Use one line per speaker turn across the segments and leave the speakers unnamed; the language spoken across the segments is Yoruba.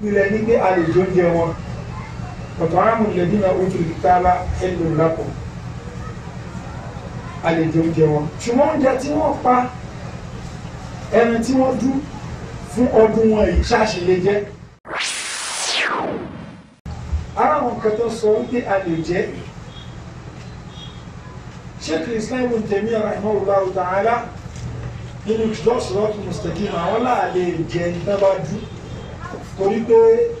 ìpìlẹ̀ ní pé a lè jó jẹ wọn ọ̀tọ̀ àmú lẹ́bí náà ó ti tábà ẹnu lápò a lè jó jẹ wọn ṣùgbọ́n oúnjẹ tí wọ́n pa ẹran tí wọ́n dú fún ọdún wọn yìí ṣáàṣì lè jẹ ara àwọn kan tó sọ wípé a lè jẹ Sheikh Islam Ibn Taymiyyah rahimahullah ta'ala nínú ìjọsìn lọ́tún àwọn láàlè jẹ nígbà dúró torí pé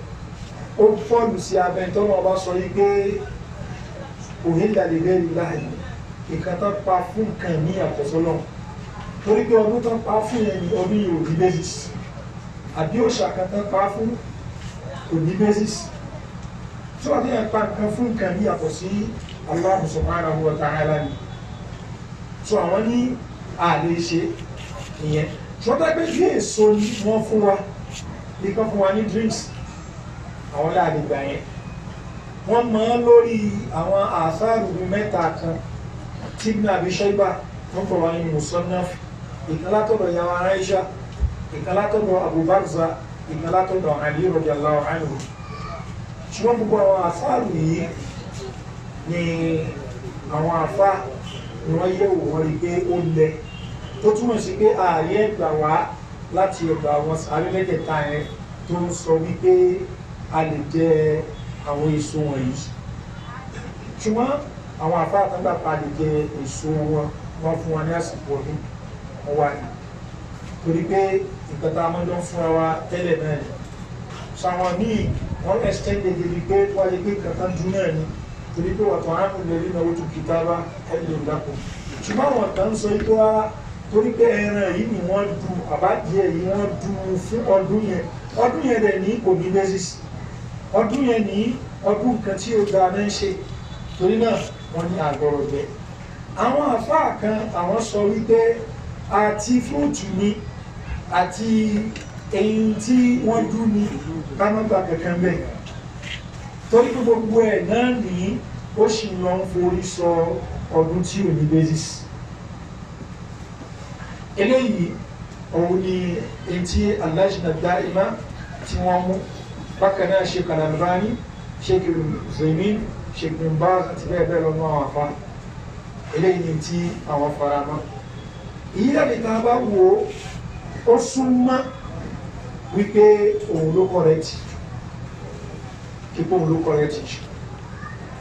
ó fọ́ọ̀lù sí abẹ́ tọ́nà ọba sọ yí pé òhìnlẹ̀lẹ̀ lẹ́yìn láàyè nǹkan tán pa fún nǹkan ní àkọsọ́nà torí pé ọdún tán pa fún ẹni ọdún yìí òbí basis àbí òṣà kan tán pa fún òbí basis tí wọ́n ti pa nǹkan fún nǹkan ní àkọ́ sí Allah subhanahu wa ta'ala ni tí àwọn ní àlè ṣe ìyẹn tí wọ́n dágbé bí èso ni wọ́n fún wa bí kan fún wa ní drinks àwọn láàrin ìgbà yẹn wọ́n mọ̀ ọ́n lórí àwọn àsáàrù mẹ́ta kan tí Ibn Abi Shayba wọ́n pọ̀ wá ní Musannaf ìkan látọ̀dọ̀ yàwó Aisha ìkan látọ̀dọ̀ Abu Barza ìkan látọ̀dọ̀ Ali radiyallahu anhu ṣùgbọ́n gbogbo àwọn àsáàrù yìí ni àwọn àfá ni wọ́n yẹ̀wò wọ́n rí pé ó lẹ tó túmọ̀ sí pé ààrẹ ẹ̀gbà wàá láti ọ̀dọ̀ àwọn sàárẹ̀lẹ́gbẹ̀ta yẹn tó ń sọ wípé a lè jẹ àwọn èso wọ̀nyí ṣùgbọ́n àwọn àfáà kan gbà pa lè jẹ èso wọn wọn fún wọn ní àsìkò ọdún wọn wà ní torí pé nǹkan tá a mọ́jọ́ ń fúnra wa tẹ́lẹ̀ náà ni sàwọn míì wọ́n extend the degree pé wáyé pé kankan dún náà ni torí pé wàtò àánú lè rí náà ó tún kìtà bá ẹ̀ lè dàpọ̀ ṣùgbọ́n àwọn kan ń sọ ikú rárá torí pé ẹran yìí ni wọ́n du àbádìẹ yìí wọ́n du fún ọdún yẹn ọdún yẹn dẹ̀ ní kò ní basis ọdún yẹn ní ọdún kan tí ó da náà ń ṣe torí náà wọ́n ní àgọ́rọ̀ jẹ àwọn àfáà kan àwọn sọ wípé àti fúrúùtù ni àti èyí tí wọ́n dú ni kánọ́gbà kankan bẹ́ẹ̀ torí pé gbogbo ẹ̀ náà ní ó sì lọ forí sọ ọdún tí ò ní basis eléyìí òun ni etí aláṣìnà dáìmá tí wọ́n mú bákan náà ṣe kàlàlùbáni ṣe kìlùmí ṣe kìlùmbá àti bẹ́ẹ̀ bẹ́ẹ̀ lọ́nà àwọn afá eléyìí ni tí àwọn faramọ́ èyí dàbí tá a bá wo ó súnmọ́ wípé òun ló kọ̀rẹ́tì kíkó òun ló kọ̀rẹ́tì jù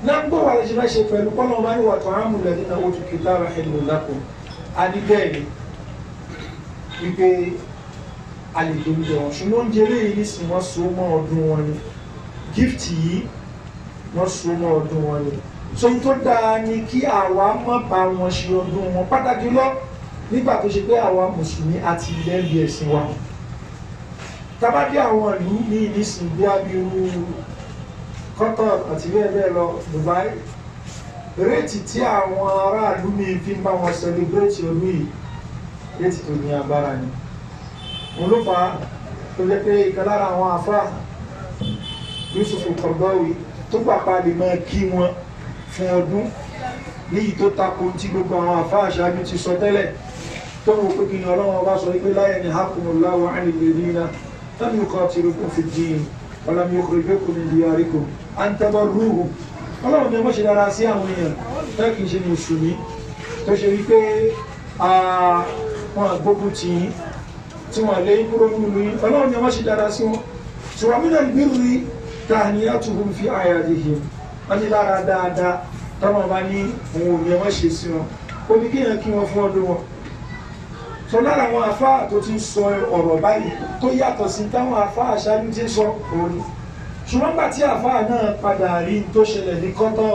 nágbó wà lè ṣe máa ṣe pẹ̀lú kọ́nà ọmọ ní wàtò àmúlẹ̀ nínú àwọn òtún kìtà rẹ̀ ẹ̀lú lápò adígbẹ́ẹ̀ni wípé a lè jẹ oúnjẹ wọn ṣùgbọ́n oúnjẹ eléyìí nísìn wọ́n so mọ́ ọdún wọn ni gift yìí wọ́n so mọ́ ọdún wọn ni so n tó dáa ni kí àwa má bá wọn ṣe ọdún wọn pàtàkì lọ nígbà tó ṣe pé àwa mùsùlùmí àti ilẹ̀ ń bí ẹ̀sìn wa tabadé àwọn ìlú ní ìdísìn bí abirú Qatar àti bẹ́ẹ̀ bẹ́ẹ̀ lọ Dubai réètì tí àwọn aráàlú mi fi ń bá wọn celebrate ọdún yìí déètì tó ní agbára ni wọn ló fa tó jẹ́ pé ìkan lára àwọn afá Yusuf Qaradawi tó pàpà lè máa kí wọn fún ọdún léyìí tó tako tí gbogbo àwọn afá àṣáájú ti sọ tẹ́lẹ̀ tó wọ pé kí ọlọ́wọ́n bá sọ pé la yanhakumullahu anil ladina lam yuqatilukum fid din wa lam yukhrijukum min diyarikum an tabarruhum ọlọ́run ni wọ́n ṣe dára sí àwọn èèyàn tẹ́kì ṣe mùsùlùmí tó ṣe wípé wọn àgbógun tì yín tí wọn lé kúrò nílùú yín ọlọ́run ni wọ́n ṣe dára sí wọn ṣùgbọ́n mílíọ̀n gbìrì tahniyatuhum fi ayadihim wọ́n ní lára dáadáa táwọn bá ní òun òní wọ́n ṣe sí wọn ó ní kéèyàn kí wọ́n fún ọdún wọn sọ lára àwọn afáà tó ti ń sọ ọ̀rọ̀ báyìí tó yàtọ̀ sí táwọn afáà ṣáájú ti sọ òun ṣùgbọ́n gbà tí àfáà náà padà rí tó ṣẹlẹ̀ ní kọ́tọ̀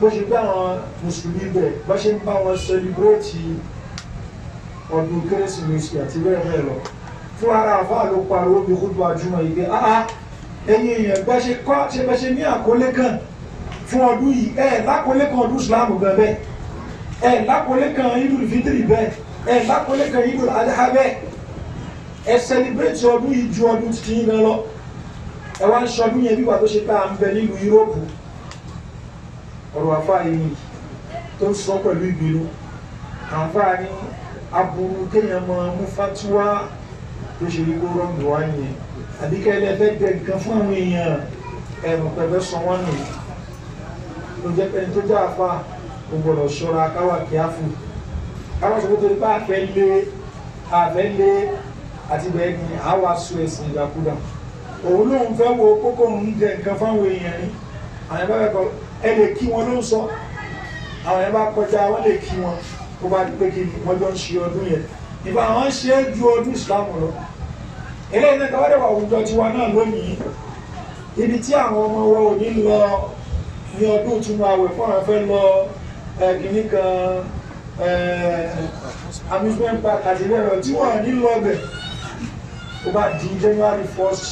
bó ṣe gbé àwọn mùsùlùmí bẹ̀ bó ṣe ń bá wọn sẹlibrétì ọdún kérésìmesì àti bẹ́ẹ̀ bẹ́ẹ̀ lọ fún ara àfáà ló pariwo bí kútu àjùmọ̀ yìí pé áá ah, ah, ẹ̀yin èèyàn gbọ́ ṣe kọ́ ṣe fẹ́ ṣe ní àkọlé kan fún ọdún yìí ẹ̀ lákọlé kan ọdún Islam gan bẹ́ẹ̀ ẹ̀ lákọlé kan Idul Fitri bẹ́ẹ̀ ẹ̀ lákọlé kan Idul Adha bẹ́ẹ̀ ẹ̀ sẹlibrétì ọdún yìí ju ọdún títí yín gan lọ ẹ̀ wá ń ṣọdún yẹn bí wà tó ṣe pé à ń bẹ nílùú Yúróòpù ọ̀rọ̀ àfáà yìí tó ń sọ pẹ̀lú ìbínú àǹfààní aburú kéèyàn máa mú fatuwa ló ṣe rí kó rọ́ǹdù wá nìyẹn àbíkẹ́ ilé ẹgbẹ́ gbẹ nǹkan fún àwọn èèyàn ẹ̀rù pẹ̀lẹ́ sọ wọ́n nù ló jẹ́ pẹ́ni tó jẹ́ àpá kò gbọ́dọ̀ ṣọ́ra káwà kíáfù káwà sọ pé bá àfẹ́ lé àfẹ́ lé àti bẹ́ẹ̀ ni àwa sọ ẹ̀sìn ìdàkudà òun lóun fẹ́ wo kókó òun jẹ nǹkan fáwọn èèyàn ni àwọn ẹ̀bá bẹ́ẹ̀ kọjá wọn lè kí wọn tó bá di pé kí wọ́n jọ ń ṣe ọdún yẹn ìbá wọn ṣe é ju ọdún islam lọ eléyìí náà káwádé wà àwùjọ tiwa náà lónìí ibi tí àwọn ọmọ wa ò ní lọ ní ọdún ìtúnu àwẹ̀ fún àwọn fẹ́ lọ kìíní kan amusement park àti bẹ́ẹ̀ lọ tí wọ́n ní lọ bẹ̀ ó bá di january first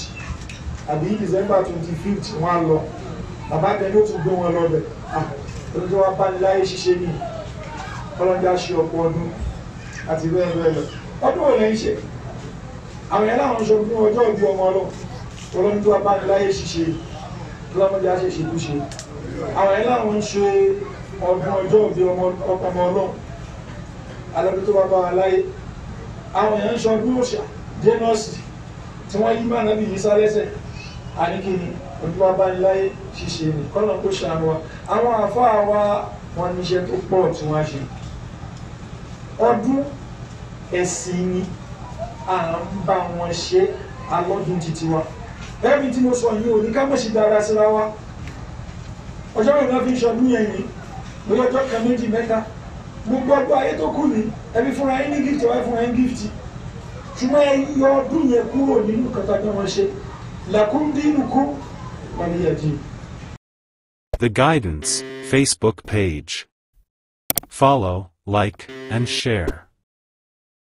àbí december twenty fifth wọ́n á lọ bàbá tẹ̀ ló tún gbé wọn lọ bẹ̀ ah ló tún wá bá ní láyé ṣiṣẹ́ nìyí ọlọ́jà ṣe ọ̀pọ̀ ọdún àti bẹ́ẹ̀ bẹ́ẹ̀ lọ ọdún òní ṣe àwọn yẹn láwọn sọ fún ọjọ́ ìbí ọmọ ọlọ́ ọlọ́run tó abániláyé ṣiṣe ọlọ́mọdé aṣèṣe tó ṣe àwọn yẹn láwọn ń ṣe ọdún ọjọ́ ìbí ọmọ ọlọ́ alọ́dún tó bá aláyé àwọn yẹn ń sọ bí òṣà tí wọ́n yí máa nábì yìí sálẹ́sẹ̀ àníkìní ọdún abániláyé ṣiṣe tó pọ̀ tí wọ́n ṣe ọdún ẹ̀sìn ni à ń bá wọn ṣe alọ́dún títí wa ẹ̀mí tí mo sọ yìí ò ní ká mọ̀ sí dára síra wa ọjọ́ rẹ̀ náà fi ń ṣọdún yẹn yìí lórí ọjọ́ kan méjì mẹ́ta gbogbo ọgbọ́ ayé tó kù ní ẹbí fúnra yín ní gift ọ̀hẹ́ fúnra yín gift ṣùgbọ́n ẹ yọ ọdún yẹn kúrò nínú kọta bí wọ́n ṣe lakum dinukum waliyadin. The Guidance Facebook page. Follow. like, and share.